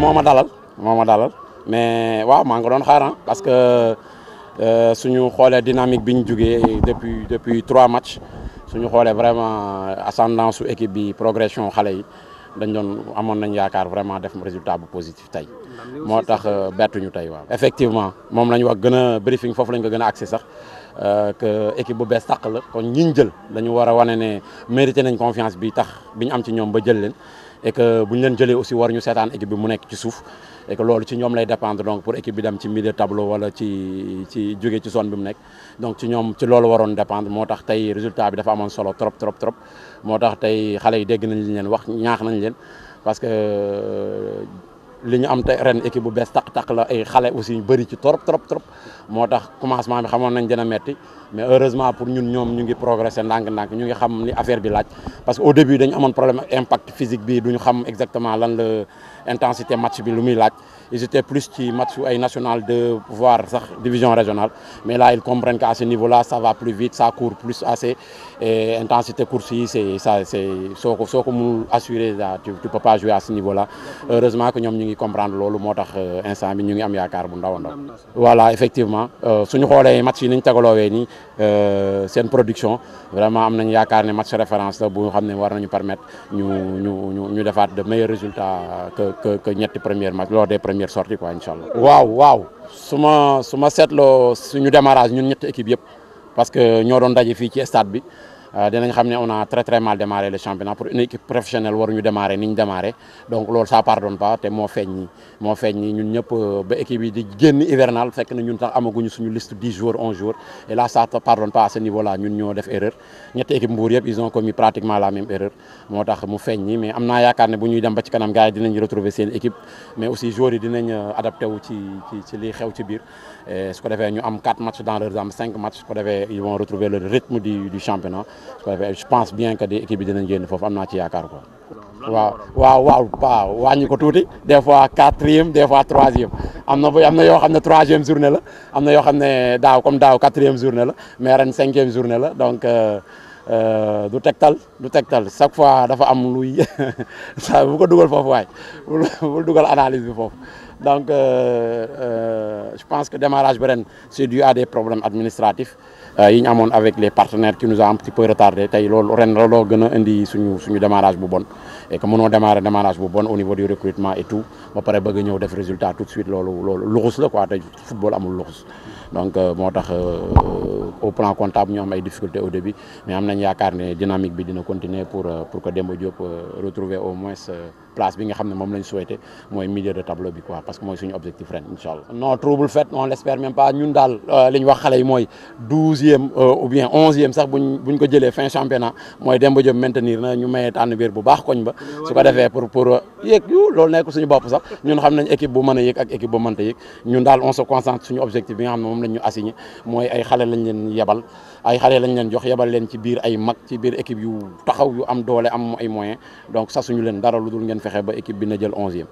dalal mais je ah, parce que euh, suñu dynamique depuis depuis trois matchs nous avons vraiment ascendance su équipe progression Nous avons vraiment des résultat positifs. positif euh, effectivement nous avons un briefing pour accès euh, que équipe la mérité confiance et que bu ñu leen jëlee aussi war ñu seetaan équipe bi mu nekk ci suuf et que loolu ci ñoom lay dépendre donc pour équipe bi dem ci milieu tableau wala ci ci ci zone bi mu nekk donc ci ñoom ci loolu waroon dépendre moo tax tey résultat bi dafa amoon solo trop trop trop moo tax tey xale yi dégg nañ leen wax ñaax nañ leen parce que li ñu am tay ren équipe bu bess très tak la ay xalé aussi bari ci trop trop trop à commencement bi dina metti mais heureusement pour nous, nous ñu ngi progressé Nous avons ñu ngi xam affaire parce que au début nous avons problème impact physique bi duñu xam exactement l'intensité. le intensité match bi ils étaient plus ci match ay national de voire sax division régionale mais là ils comprennent qu'à ce niveau là ça va plus vite ça court plus assez et intensité course c'est ça c'est soko soko soo ne tu peux pas jouer à ce niveau là heureusement que nous ñu comprendre loolu motax euh, instant bi ñu ngi am yaakaar bu ndaw ndaw. voilà effectivement euh, suñu xoolee match yi ni ñu tegaloowee nii euh, production vraiment am nañu yaakaar ne match référence la bu xamné war nañu permettre ñu ñu ñu ñu de meilleurs résultats que que que ñetti première match lors des premières sorties quoi inshallah allah. waaw waaw suma ma su suñu démarrage ñun ñetti équipe yépp parce que ñoo doon dajé fi ci stade bi. Euh, on a très très mal démarré le championnat pour une équipe professionnelle waruñu démarrer, démarré donc ça ne pardonne pas fait euh, équipe de di génn hivernal fekk 10 jours 11 jours et là ça pardonne pas à ce niveau là nous avons fait erreur Nous équipe ont commis pratiquement la même erreur moi mu fait ni mais yaakaar avons mais aussi joueurs yi euh, adapté wu ci ci 4 matchs dans leurs 5 matchs ils vont retrouver le rythme du championnat je pense bien que l'équipe de Waouh, waouh, des fois quatrième des fois troisième Il y a troisième journée là journée la mais cinquième journée donc. Euh, euh, du tegtal du tegtal chaque fois dafa am luy sa bu ko dugal foofu waay bul dugal analyse bi foofu donc euh, euh, je pense que démarrage bi c'est dû à des problèmes administratifs yi ñu amoon avec les partenaires qui nous a un petit peu retardé tey loolu ren la loo gën indi suñu suñu démarrage bu bon et que mënoo démarrer démarrage bu bon au niveau du recrutement et tout ba pare bëgg a ñëw def résultat tout de suite loolu loolu luxus la quoi le football amul luxus donc moo tax au plan comptable ñu am ay difficultés au début mais am nañ yaakaar ne dynamique bi dina continuer pour euh, pour que Demba Diop euh, retrouve au moins euh, place bi nga xam ne lañ souhaité mooy milieu de tableau bi quoi parce que mooy suñu objectif ren incha non trouble fait on l'espère même pas ñun dal, li ñu wax xale yi mooy douzième ou bien onzième sax buñ buñ ko jëlee fin championnat mooy Demba Diop maintenir na ñu mayee tànn biir bu baax koñ ba su ko pour pour pour yéeg loolu nekk suñu bopp sax ñun xam nañ équipe bu mën a ak équipe bu mënta yéeg ñun daal on se concentre suñu objectif bi nga xam ne lañ ñu assigné mooy ay xale lañ leen yebal ay xale lañ leen jox yebal leen ci biir ay mag ci biir équipe yu taxaw yu am doole am ay moyens donc sasuñu leen dara lu dul ngeen fexe ba équipe bi na jël onzième